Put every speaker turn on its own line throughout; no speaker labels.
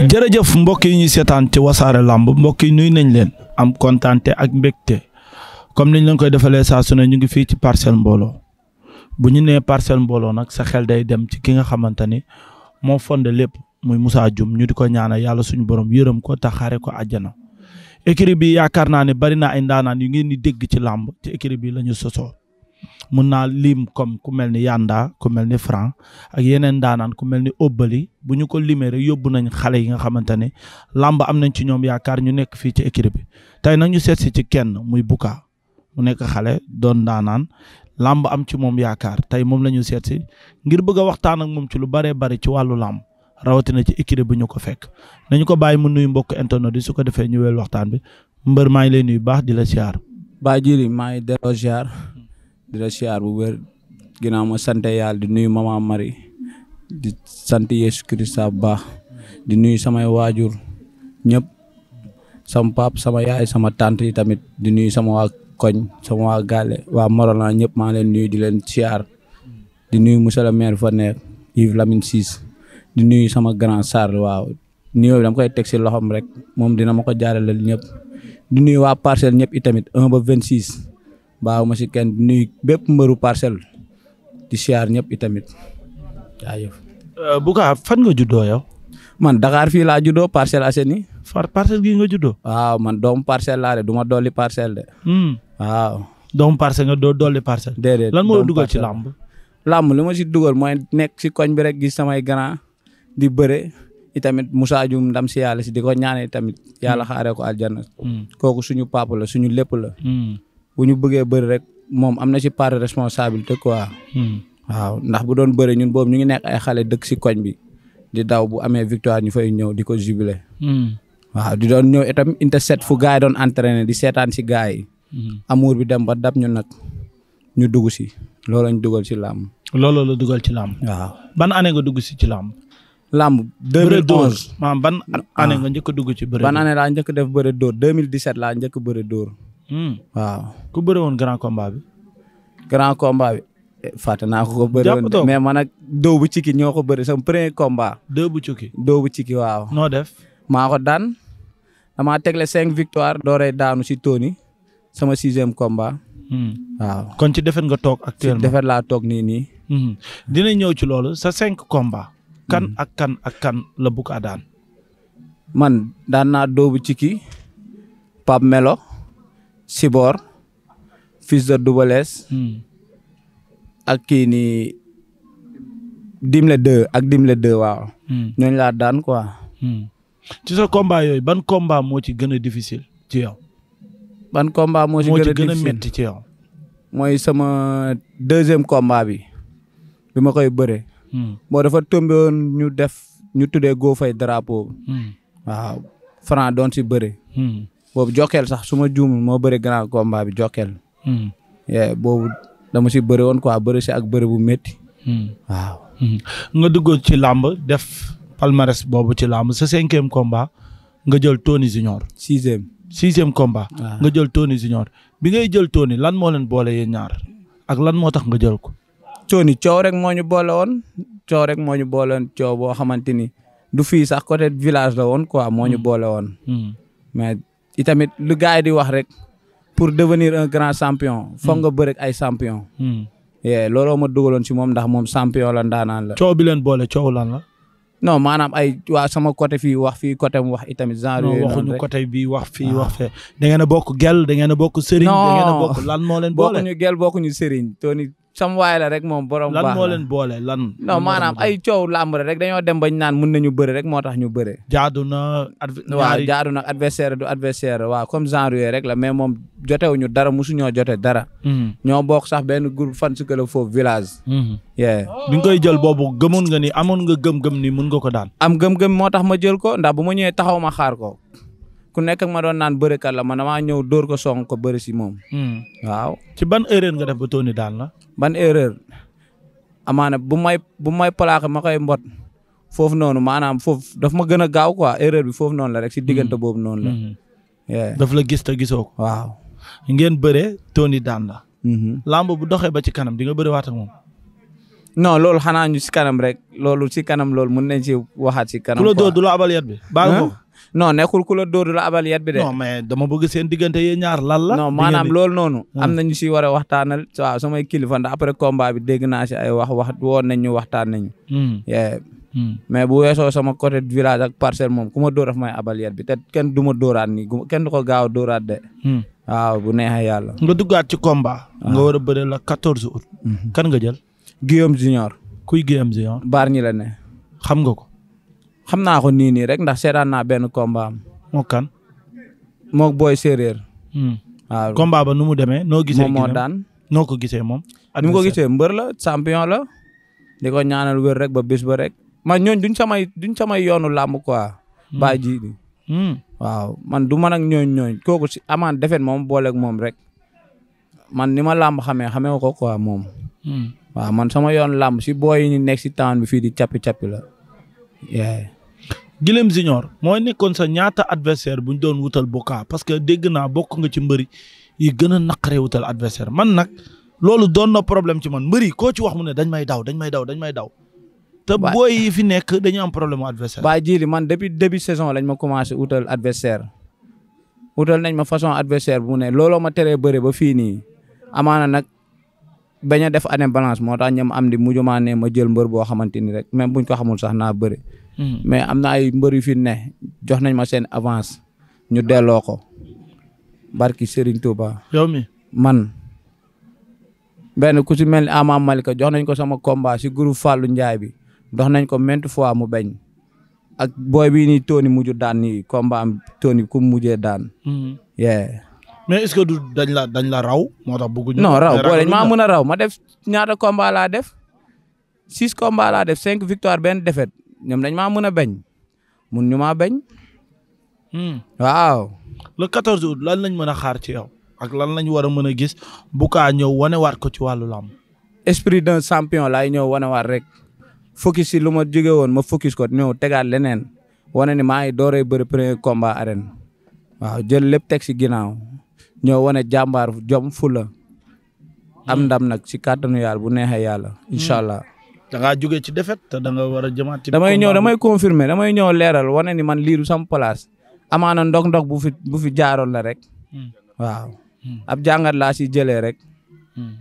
jërëjëf mbokk yi ñuy seetaan ci wasaare làmb mbokk yi nuyu nañ leen am kontaante ak mbégte comme niñ leen koy defalee saa su ne ñu ngi fii ci parcelle mbooloo bu ñu ne parcelle mbooloo nag sa xel day dem ci ki nga xamante ni moo fondé lépp muy Moussa Dioum ñu di ko ñaanal yàlla suñu borom yërëm ko taxaare ko àjjana écurie bi yaakaar naa ne bari na ay ndaanaan yu ngeen di dégg ci làmb ci écurie bi la ñu sosoo mun naa liim comme ku mel ni Yanda ku mel ni Franc ak yeneen ndaanaan ku mel ni Obali bu ñu ko limee rek yóbbu nañ xale yi nga xamante ne làmb am nañ ci ñoom yaakaar ñu nekk fii ci équipe bi tey nag ñu seet si ci kenn muy Bouka mu nekk xale doon daanaan làmb am ci moom yaakaar tey moom la ñu seet ngir bëgg a waxtaan ak moom ci lu baree bari ci wàllu làmb rawatina ci équipe bu ñu ko fekk nañu ko bàyyi mu nuyu mbokk internet yi su ko defee ñëweel waxtaan bi mbër maa ngi lay nuyu baax di la ziar.
di la siyaar bu wér ginnaaw ma sant yàlla di nuyu mama mari di sant Yesu Christa bu baax di nuyu samay waajur ñëpp sama pap sama yaay sama tante yi tamit di nuyu sama waa koñ sama waa gaale waa Morolan ñëpp maa leen nuyu di leen siyaar di nuyu monsieur le maire fa nekk Yves Lamine di nuyu sama grand Sarr waaw nuyoo bi dama koy teg si loxoom rek moom dina ma ko jaarale ñëpp di nuy waa parcelle ñëpp itamit 1 ba 26 baaw ma si kenn di nuyu bépp mbëru parcelle di siyaar ñëpp itamit jaajëf. Euh, Bouka nga juddoo yow. man Dakar fii laa juddoo Parcelles Assainies. far parcelle gii nga juddoo. waaw man doomu parcelle laa de du ma dolli parcelle de. Hmm. waaw. doomu parcelle nga dolli parcelle. déedéet lan moo dugal ci làmb. làmb li ma si dugal mooy nekk si koñ bi rek samay grand di bëre itamit Moussa ndam si yàlla si di ko ñaanee tamit yàlla hmm. xaaree ko aljanna. Hmm. kooku suñu papa suñu lépp bu ñu bëggee bëri rek moom am na ci part de responsabilité quoi. Hmm. waaw ndax bu doon bëri ñun boobu ñu ngi nekk ay xale dëkk si koñ bi di daw bu amee victoire ñu fay ñëw di ko jubilé. Hmm. waaw di doon ñëw itam interset fu gars doon entraîné di seetaan si gars yi. Hmm. amour bi dem ba dab ñu nag ñu dugg si loolu lañ dugal si làmb.
loolu la dugal ci làmb. waaw ban année nga dugg si ci làmb. làmb 2011
maanaam ban année nga njëkk a dugg ci bëre. ban année laa njëkk def bëre dóor 2017 laa njëkk bëri dóor. Hmm. waaw ku bëri woon grand combat bi. grand combat bi. fàtte naa ko ko bëri woon mais man ak doo bu ciki ñoo ko bëri sama premier combat. doo bu ciki waaw. maa ko daan damaa tegle cinq victoire. dooree daanu si Tony sama sixième combat.
Hmm.
waaw
kon ci defet nga toog actuellement ci defet laa toog nii nii. Hmm.
dina ñëw ci loolu sa cinq combat. kan ak kan ak kan la bugg a daan.
man daan naa doobu ciki Pape Melo. Sibor fils de Doubalès hmm. ak kii nii Dimle 2 ak Dimle 2 waaw. Hmm. ñooñu laa daan quoi. Hmm.
ci sa combat ban combat moo ci gën a difficile ci yow. ban combat moo ci gën a difficile ci yow.
mooy sama deuxième combat bi bi ma koy bëree. boo dafa tombé woon ñu def ñu tuddee goo fay drapeau. waaw Franc doon si bëre. boobu jokkeel sax su ma juumul moo bëri grand combat bi jokkeel. Hmm. boobu dama si bëri woon quoi bëri si ak bëre bu métti. Hmm. waaw.
Hmm. nga duggoon ci làmb def palmarès boobu ci làmb sa cinquième combat nga jël Tony Junior. sixième sixième combat. Ah. nga jël Tony Junior
bi ngay jël Tony lan moo leen boole yéen ñaar ak lan moo tax nga jël ko. Tony coow rek moo ñu boole woon coow rek moo ñu boole woon coow boo xamante ni du fii sax côté village la woon quoi moo ñu boole woon. i tamit lu gars di wax rek pour devenir un grand champion foog nga hmm. bëre ay champion hmm. yee looloo ma dugaloon si moom ndax moom champion la ndaanaan la coow bi leen boole coow lan la no maanaam ay waa sama côté fii wax fii côté mu wax itamit genre yooyu waxuñu côté bii wax fii ah. wax fee
da ngeen a bokk gel da ngeen a bokk sëriñ da
lan moo leen boole bokkuñu gel bokkuñu sëriñ som waay la rek moom borom baax lan moo leen boole lan. maanaam ay coow làmb rek dañoo dem bañ naan mun ñu bëre rek moo tax ñu bëre. jaadu na. waaw na adversaire du adversaire waa comme genre yooyu rek la mais moom jotewuñu dara mosuñoo jote dara. Hmm. ñoo bokk sax benn groupe fan si club foofu village. Hmm. bi nga koy jël boobu gëmoon nga ni amoon nga gëm-gëm ni mun nga ko daan. am gëm-gëm moo tax ma jël ko ndax bu ma ñëwee taxaw ma xaar ko. ku nekk ak ma doon naan bërikat la man damaa ñëw dóor ko song ko bëri si moom. Hmm. waaw ci ban erreur nga def ba Tony daan la. ban erreur amaana bu may bu may plaqué ma koy mbot foofu noonu maanaam foofu daf ma gën a gaaw quoi erreur bi foofu noonu la rek si diggante hmm. boobu noonu la.
Hmm. daf la gis gisoo ko. waaw
ngeen bëree Tony daan la. Mm-hmm. lamb bu doxee ba ci kanam di nga bëri waat moom. non loolu xanaa ñu si kanam rek loolu si kanam loolu mën nañ si waxaat si kanam. ku la dóor abal yet bi. baax non nekkul ku la dóor la abal yet bi de. non mais dama bëgg seen diggante yee ñaar lan la. maanaam lool noonu. Ah. am na ñu si war a waxtaanal waaw samay kilifa ndax après combat bi dégg naa si ay wax wax woon nañ ñu waxtaan nañu.
Hmm. Hmm.
mais bu weesoo sama côté village ak parcelle moom ku ma dóor daf may abal yet bi te kenn du ma dóoraat nii kenn du ko gaaw a dóoraat de. Hmm. waaw bu neexee yàlla. nga duggaat ci combat. Ah. nga war a bëre la quatorze août. Mhm. kan nga jël. Guillaume Junior. kuy Guillaume Junior. baar ñi la ne. xam nga ko. xam naa ko nii nii rek ndax seetaan naa benn combat am. moo kan. moog booy séeréer. Hmm. waaw combat ba nu mu demee noo gisee. moom moo daan noo ko gisee moom. ni ko gisee mbër la champion la. di ko ñaanal wér rek ba bis ba rek. ma ñooñ duñ samay duñ samay yoonu làmb quoi. Hmm. baa ji ni hmm. waaw man du man ak ñooñ ñooñ kooku si amaan defet moom booleeg moom rek. man ni ma làmb xamee xamee ko quoi moom. waaw man sama yoon làmb si boy yi ñu nekk si temps bi fii di cappi cappi la. Guillaume Junior
mooy nekkoon sa ñaata adversaire bu ñu doon wutal Boka parce que dégg naa bokk nga ci mbëri yi gën a naqaree wutal adversaire man nag loolu doon na problème ci man mbëri koo ci wax mu ne dañ may daw dañ may daw dañ may daw.
te booy yi fi nekk dañu am problème adversaire ba jii li man depuis début saison lañ ma commencé wutal adversaire wutal nañ ma façon adversaire bu ne looloo ma teree bëre ba fii nii amaana nag bañ a def année balance moo tax ñoom am di mujj maa ne ma jël mbër boo xamante ni rek même buñ ko xamul sax naa bëre. Mm-hmm. mais am na ay mbër yu fi ne jox nañ ma seen avance ñu delloo ko barki seriñ Touba. yow man benn ku si mel ni Ama Malika jox nañ ko sama combat si groupe Fallou bi dox nañ ko maintes fois mu bañ ak booy bii nii Tony mujj daan nii combat am ku mujjee daan. Mm-hmm. yeah.
mais est-ce que du dañ
la dañ la raw moo tax bëgguñu. non raw boo maa mën a raw ma def ñaata combat laa def six combat laa def cinq victoire benn défaite. ñoom nañ maa mën a bañ mun ñu maa bañ. Hmm. waaw. le 14 août lan lañ mën a xaar ci yow ak lan lañ war a mën a gis bu kaa ñëw wanewaat ko ci wàllu làmb. esprit d'un champion laay ñëw wanewaat rek focus si lu ma jóge woon ma focus ko ñëw tegaat leneen wane ni maa ngi dooree bëri premier combat arène waaw jël lépp teg si ginnaaw ñëw wane jàmbaar jom fula am hmm. ndam nag si kàttanu yàlla bu neexee yàlla incha hmm. allah.
da ngaa jógee ci défaite te da nga war a jëmaat ci. damay ñëw damay
confirmer damay ñëw leeral wane ni man liiru du sama amaana ndog-ndog bu fi bu fi jaaroon la rek. Hmm. waaw hmm. ab jàngat laa si jëlee rek.
Hmm.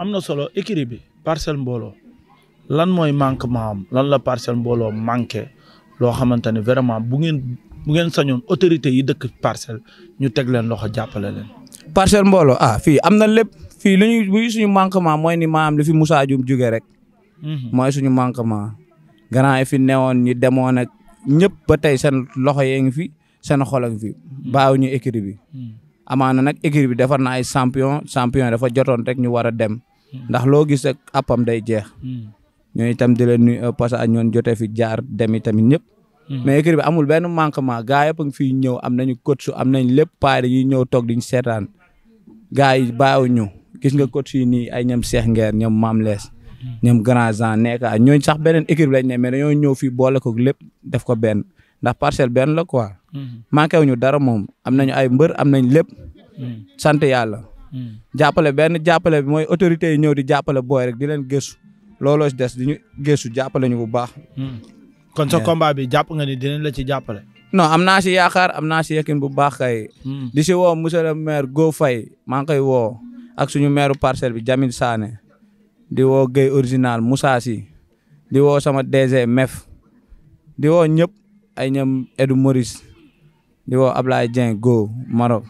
am na solo écurie bi parcelle mbooloo lan mooy manquement am lan la parcelle mbooloo manqué loo xamante ne vraiment bu ngeen bu ngeen sañoon autorité yi dëkk parcelle ñu teg leen loxo jàppale leen.
parcelle mbooloo ah fii am na lépp fii lu ñuy suñu manquement mooy ni maam li fi Moussa Dioum jógee rek. Mhm. mooy suñu manquement. grand yi fi newoon ñi demoon nag ñëpp ba tey seen loxo yee ngi fi seen xol a fi mhm. baaw ñu écurie bi. Mhm. amaana nag écurie bi defar na ay champion champion dafa jotoon rek ñu war a dem. ndax loo gis ak appam day jeex. ñoo itam di leen nuyu euh, parce que ak ñoon jotee fi jaar dem itamit ñëpp. mais écurie bi amul benn manquement gaa yëpp a ngi fiy ñëw am nañu coach am nañ lépp paay dañuy ñëw toog diñ seetaan gaa yi baaw ñu gis nga coach yi nii ay ñam Cheikh Nguer ñoom maam Less ñoom grand gen nekk ak ñooñu sax beneen équipe lañ ne mais dañoo ñëw fii boole ko lépp def ko benn ndax parcelle benn la quoi. Mm-hmm. manqué ñu dara moom am nañu ay mbër am nañ lépp.
Mm-hmm.
sant yàlla. Mm-hmm. jàppale benn jàppale bi mooy autorité yi ñëw di jàppale booy rek di leen gëstu looloo si des di ñu gëstu jàppale ñu bu baax. kon sa combat bi jàpp nga ni dinañ la ci jàppale. non am naa si yaakaar am naa si yekin bu baax kay. di si woo monsieur le maire Go Faye maa ngi koy woo ak suñu meer parcelle bi Jamil Sané. di woo Guèye original Moussa sama DG MEF di woo ñëpp ay ñoom Edu Maurice di woo Ablaye Dieng go Maroc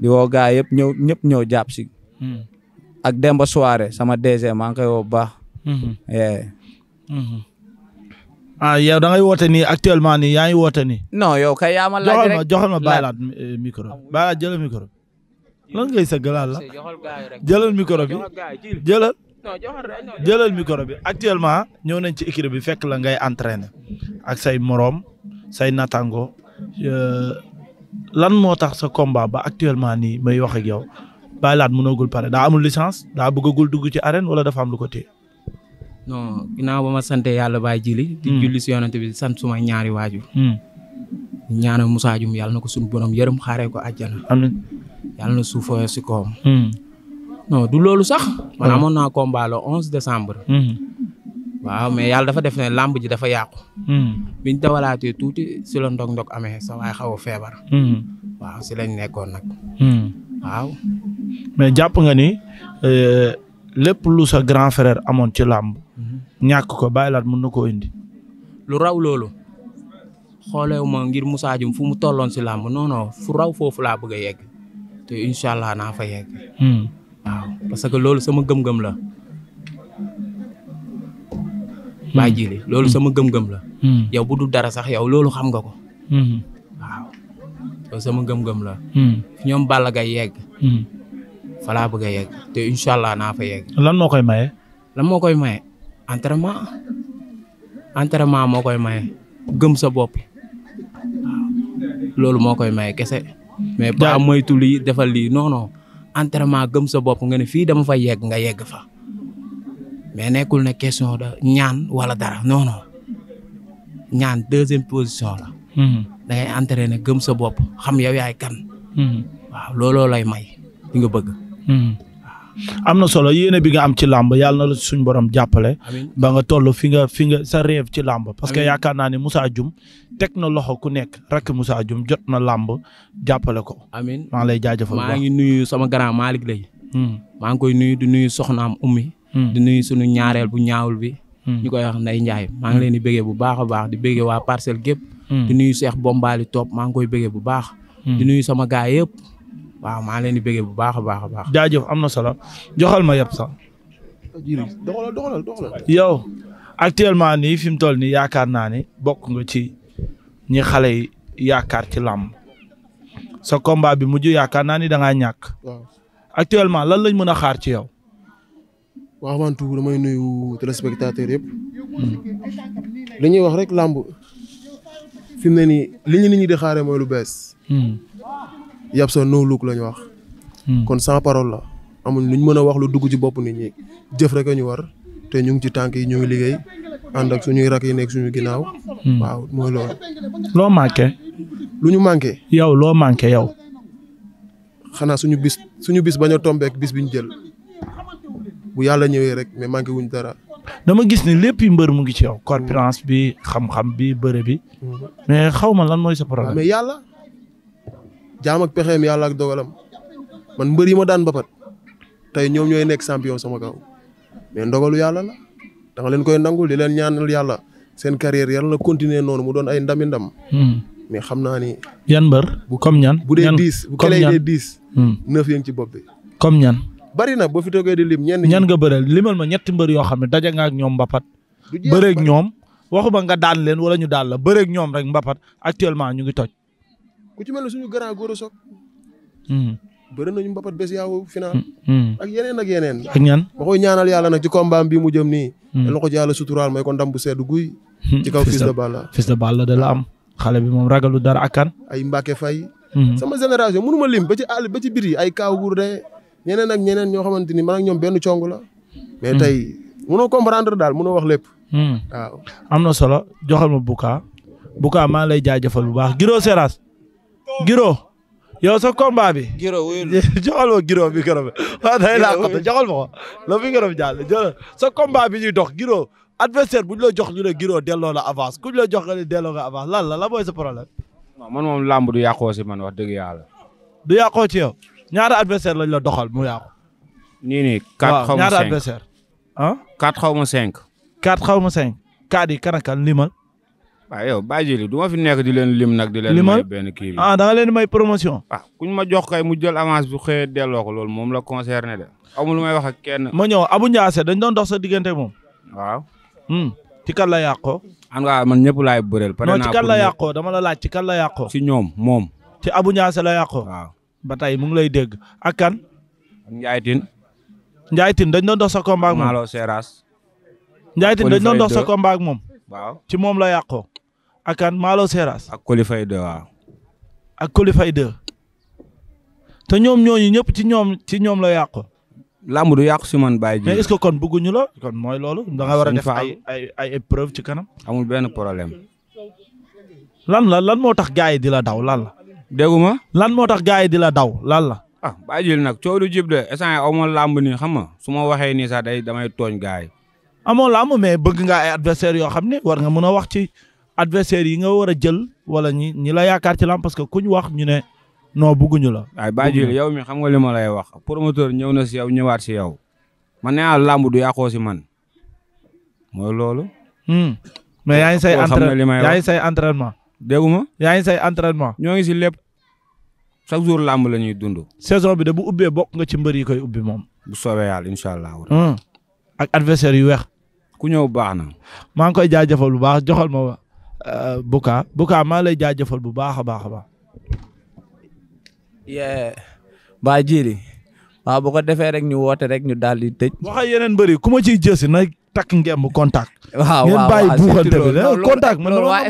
di woo gaa yëpp ñëw ñëpp ñëw jàpp si. Hmm. ak Demba Soare sama DG maa ngi koy woo bu baax.
Hmm. Hmm.
ah yow da ngay ni
nii actuellement nii yaa ngi woote nii. laaj rek joxal ma joxal ma Baylaat eh, micro Baylaat lan ngay sëggalaat la jëlal mikoro bi jëlal jëlal micro bi actuellement ñëw nañ ci équipe bi fekk la ngay entraîner ak say moroom say natango euh, lan moo tax sa combat ba actuellement nii may wax ak yow bàyyi laat mënagul pare daa amul licence daa bëggagul dugg ci arène wala dafa am lu ko téye.
non ginnaaw ba ma sant yàlla baay jili di hmm. julli si yonante bi sant suma ñaari waajur. Hmm. ñaanal Moussa yàlla na ko suñu borom yërëm xaaree ko àjjana. amiin yàlla na suuf si kawam. Hmm. non du loolu sax. man hmm. amoon naa combat le onze décembre. Hmm. waaw mais yàlla dafa def ne làmb ji dafa yàqu. biñ dawalaatee tuuti si la ndog-ndog amee sa waay xaw a feebar. waaw si lañ nekkoon nag.
waaw. jàpp nga ni euh, lu sa grand ci làmb. Mhm. ñàkk ko bàyyi laat mën na koo indi.
lu raw loolu. xoolee ma ngir Moussa Dioum fu mu tolloon si làmb non non fu raw foofu laa bëgg a yegg. te incha allah naa fa yegg. Hmm. waaw parce que loolu sama gëm-gëm la. Hmm. baa jili loolu sama hmm. gëm-gëm la. yow bu dara sax yow loolu xam nga ko. waaw loolu sama gëm-gëm la. ñoom Balla Gaye yegg. fa laa yegg te incha allah fa yegg.
lan moo maye.
lan moo maye entraînement entraînement moo maye gëm sa bopp loolu moo maye kese. mais pas moytu lii defal lii non non entraînement gëm sa bopp nga fii dama fa yegg nga yegg fa mais nekkul na question da ñaan wala dara non non ñaan deuxième position la. Mm-hmm. da ngay entraîné gëm sa bopp xam yow yaay kan. Mm-hmm. waaw
looloo lay may
li nga bëgg. Mm-hmm.
am na solo yéene bi nga am ci làmb yàlla na la suñ borom jàppale. ba nga toll fi nga fi nga sa rêve ci làmb. parce que yaakaar naa ne Moussa Dioum teg na loxo ku nekk rakk Moussa Dioum jot na làmb jàppale ko. amiin maa lay jaajëfal maa
ngi nuyu sama grand Malick hmm. maa ngi koy nuyu di nuyu soxnaam ummi. Hmm. di nuyu sunu ñaareel bu ñaawul bi. Hmm. ñu koy wax Ndeye Ndiaye maa ngi leen di bëggee bu baax a di bëggee waa parcelle gépp di nuyu Cheikh Bombali Top maa ngi koy bëggee bu baax. di nuyu sama gaay yëpp.
waaw maa ni di bu baax a baax a baax. jaajëf am na solo joxal ma yëpp sax.
doxalal
yow actuellement nii fi mu toll nii yaakaar naa ne bokk nga ci ñi xale yi yaakaar ci làmb sa combat bi mujj yaakaar naa ni da ngaa actuellement lan lañ mën a xaar ci yow. waaw avant tout
nuyu téléspectateur yëpp. wax rek làmb fi ne nii li ñu di xaare mooy lu bees. Hmm. yab sa no look ñu wax. Hmm. kon sans parole la amuñ lu ñu mën a wax lu dugg ci bopp nit ñi jëf rek a ñu war te ñu ngi ci tànk yi ñu ngi liggéey ànd ak suñuy rak yi nekk suñu ginnaaw. Hmm. waaw mooy loo manqué. lu ñu manqué. yow loo manqué yow. xanaa suñu bis suñu bis bañ tombeek bis bi ñu jël bu yàlla ñëwee rek mais manqué wuñ dara.
dama gis ni lépp yi mbër mu ngi ci yow. corpulence bi xam-xam bi bëre
hmm.
mais xaw ma lan mooy sa ah, problème.
jaam ak pexeem yàlla ak dogalam man mbër yi ma daan bapat tey ñoom ñooy nekk champion sama kaw mais ndogalu yàlla la danga leen koy nangul di leen ñaanal yàlla seen carrière yàlla na continuer noonu mu doon ay ndami ndam. Hmm. mais xam naa ni.
yan mbër bu comme ñan. bu dee dix bu kelee dee dix. Hmm.
neuf ci bopp bi. comme ñan. bari na boo fi toogee di lim ñenn ñan nga bëreel limal ma
ñetti mbër yoo xam ne daje nga ak ñoom mbapat. bëreeg ñoom waxuma nga daan leen wala ñu daan la bëreeg ñoom rek mbapat actuellement ñu ngi toj.
ku ci mel ne suñu grand góor a soog. Hmm. bëri nañu mbapat bés yaaw final. Hmm, hmm. ak yeneen ak yeneen. ak ñaan ma koy ñaanal yàlla nag ci combat bii mu jëm nii. te loxo ci suturaal may ko ndam bu sedd guy. ci kaw Fils de Balla.
Fils de Balla da la am xale bi moom ragalu dara ak kan.
ay Mbacke fay sama génération mënu ma lim ba ci àll ba ci biir yi ay Kaaw Gourdin ñeneen ak ñeneen ñoo xamante ni man ak ñoom benn cong la. mais tey mënoo comprendre daal mënoo wax lépp.
am na solo joxal ma Bouka Bouka maa lay jaajëfal bu baax Guiro Seras Giro yow sa combat bi. Giro wuyul Giro bi gërëm waaw day laa ko joxal ma ko bi gërëm jàll joxal sa combat bi ñuy dox Giro adversaire bu ñu la jox ñu Giro delloo la avance ku ñu la jox nga ne delloo nga avance lan la la mooy sa problème.
non man du yàqoo man wax dëgg yàlla. du yàqoo ci
yow ñaata lañ la doxal mu yàqu. nii nii quatre xaw ma cinq waaw ñaata adversaire. kan limal.
waaw yow bàyyi jëli du fi nekk di leen lim nag. di leen may benn kii bi ah
da nga leen may promotion. ah kuñ ma jox kay mu
jël avance bu xëyee delloo loolu moom la concerné de amul lu may wax ak kenn.
ma ñëw Abou Ndiassé dañ doon dox sa diggante moom. waaw. Hmm, ci kan la yàqoo. en tout cas man ñëpp laay bëreel. pare ci kan la yàqoo dama la laaj ci kan la yàqoo. si ñoom moom. ci abu Ndiassé la yàqoo. waaw ba tey mu lay dégg ak kan. Ndiaye Tine. dañ doon dox sa combat ak moom Malo Seras. Ndiaye moom. waaw ci moom la yàqoo. akaan Malo Seras. ak Qualify 2 waaw. ak Qualify 2. te ñoom ñooñu ñëpp ci ñoom ci ñoom la yàqu. làmb du yàqu si man bàyyi ji. mais kon bëgguñu la kon mooy loolu. da nga war a def ay ay ay épreuve ci kanam. amul benn problème. lan la lan moo tax gars yi di la daw lan la. dégguma lan moo tax gars yi di la daw lan la. ah
bàyyi ji nag coow lu jib de instant aw ma làmb nii xam nga su ma waxee nii day damay tooñ
gars yi. amoo làmb bëgg nga ay adversaires yoo xam ne war nga mën a wax adversaire yi nga war a jël wala ñi ñi la yaakaar ci lam parce que kuñ wax ñu ne non bugguñu la. waaye Badiou
yow mi xam nga li ma lay wax promoteur ñëw na si yow ñëwaat si yaw man nee naa ah, làmb du yàqoo si man mooy loolu.
Hmm. mais yaa ngi say entraînement yaa ngi say
entraînement. déggu ma yaa ngi say entraînement. ñoo ngi si lépp chaque jour làmb la ñuy dund.
saison bi de bu ubbee bokk nga ci mbër yi koy ubbi moom. bu
soobee yàlla incha allah. Hmm. ak
adversaire yu weex. ku ñëw baax na. maa koy jaajëfal bu baax joxal Euh, Bouka Bouka maa lay jaa jaajëfal bu baax a baax a baax.
baa jiiri waaw bu ko defee rek ñu woote rek ñu daal di tëj. waxay yeneen bëri ku ma ciy jësi na takk ngemb contact. waaw waaw ngeen bàyyi buuxante bi eh, contact waa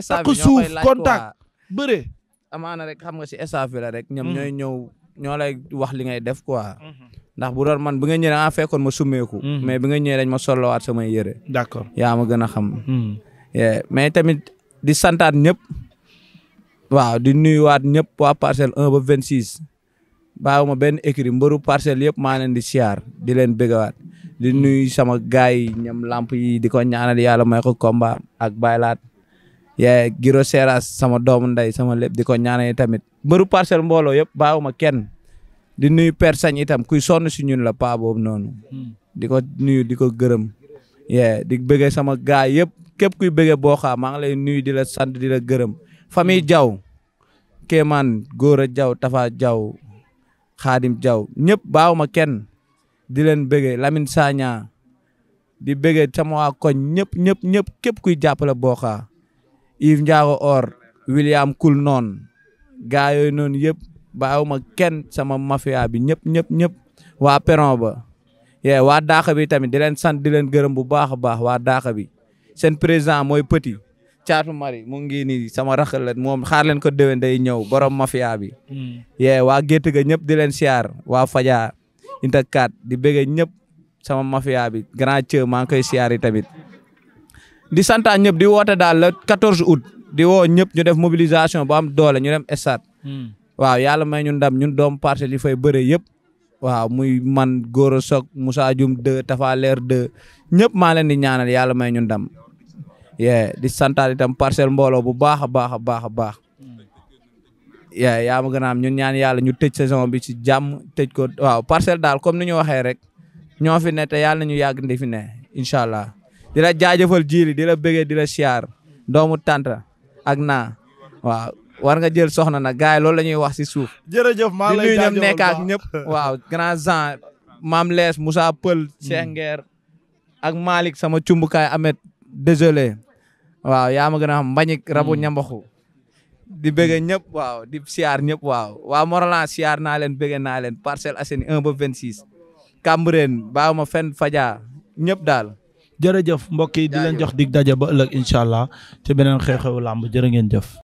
staff bi waa bëree. amaana rek xam nga si staff rek. ñam mm. ñooy ñëw ñoo lay wax li ngay def quoi. Mm-hmm. ndax bu doon man bi nga ñëwee da ah, ma summeeku. Mm-hmm. mais bi nga ñëwee dañ ma sollowaat samay yére. d'accord gën a mais tamit di santaat ñëpp waaw di nuyuwaat ñëpp waa parcelle un ba vingt six bàyyiwuma benn écrit mbëru parcelle yëpp maa leen di siyaar di leen waat di nuyu sama gars yi ñoom lamp yi di ko ñaanal yàlla ma ko combat ak baylaat yaa giro sama doomu ndey sama lépp di ko ñaanal tamit mbëru parcelle mbooloo yëpp bàyyiwuma kenn di nuyu Père itam kuy sonn si ñun la pa noonu hmm. di ko nuyu di ko gërëm yee di bëggee sama gaay yëpp képp kuy bëggee Booxa maa ngi lay nuyu di la sant di la gërëm famille Diaw Kéemaan Góora Diaw Tafa Diaw Xaadim Diaw ñëpp baaw ma kenn di leen bëggee Lamine Sagna di bëggee sama waa koñ ñëpp ñëpp ñëpp képp kuy jàppale Booxa Yves Ndiago William Kul noon gaa yooyu noonu yëpp baaw ma kenn sama mafia bi ñëpp ñëpp ñëpp waa peron ba yee waa daaxa bi tamit di leen sant di leen gërëm bu baax a baax waa daaxa bi seen président mooy Petit Caatu Mari mu ngi nii sama raxal la moom xaar leen ko déwén day ñëw borom mafia bi. Hmm. yee waa gétt ga ñëpp di leen siyaar waa Faja Inta di bëggee ñëpp sama mafia bi grand Thieu maa ngi koy siyaar tamit. di santa ñëpp di woote daal le 14 août di woo ñëpp ñu def mobilisation bu am doole ñu dem stade. Hmm. waaw yàlla may ñu ndam ñun doom parcelles yi fay bëre yëpp. waaw muy man Goro Sock Moussa Dioum 2 Tafa Leer 2 ñëpp maa leen di ñaanal yàlla may ñu dam yee di santaat itam parcelle mbooloo bu baax a baax a baax a baax yee yaa ñaan yàlla ñu tëj saison bi ci jàmm tëj ko waaw parcelle daal comme ni ñu rek ñoo fi ne te yàlla nañu yàgg ndi fi ne incha allah di la jaajëfal jiili di bëggee di la siyaar doomu tànta ak jël soxna nag gars yi wax si suuf. jërëjëf maa lay jaajëfal waaw grand Jean Mam Lees Moussa Pël. Cheikh Nguer ak Malick sama cumbukaay Ahmed désolé. waaw yaa ma gën a hmm. rabu ñambaxu di bëgg ñëpp waaw di siyaar ñëpp waaw waa Morolan siyaar naa leen bëgg naa leen Parcelles Assainies 1 ba 26. Cambérène baaw ma fen faja
ñëpp daal. jërëjëf mbokk yi di jox dig daje ba ëllëg incha allah ci beneen xew-xewu làmb jërë ngeen jëf.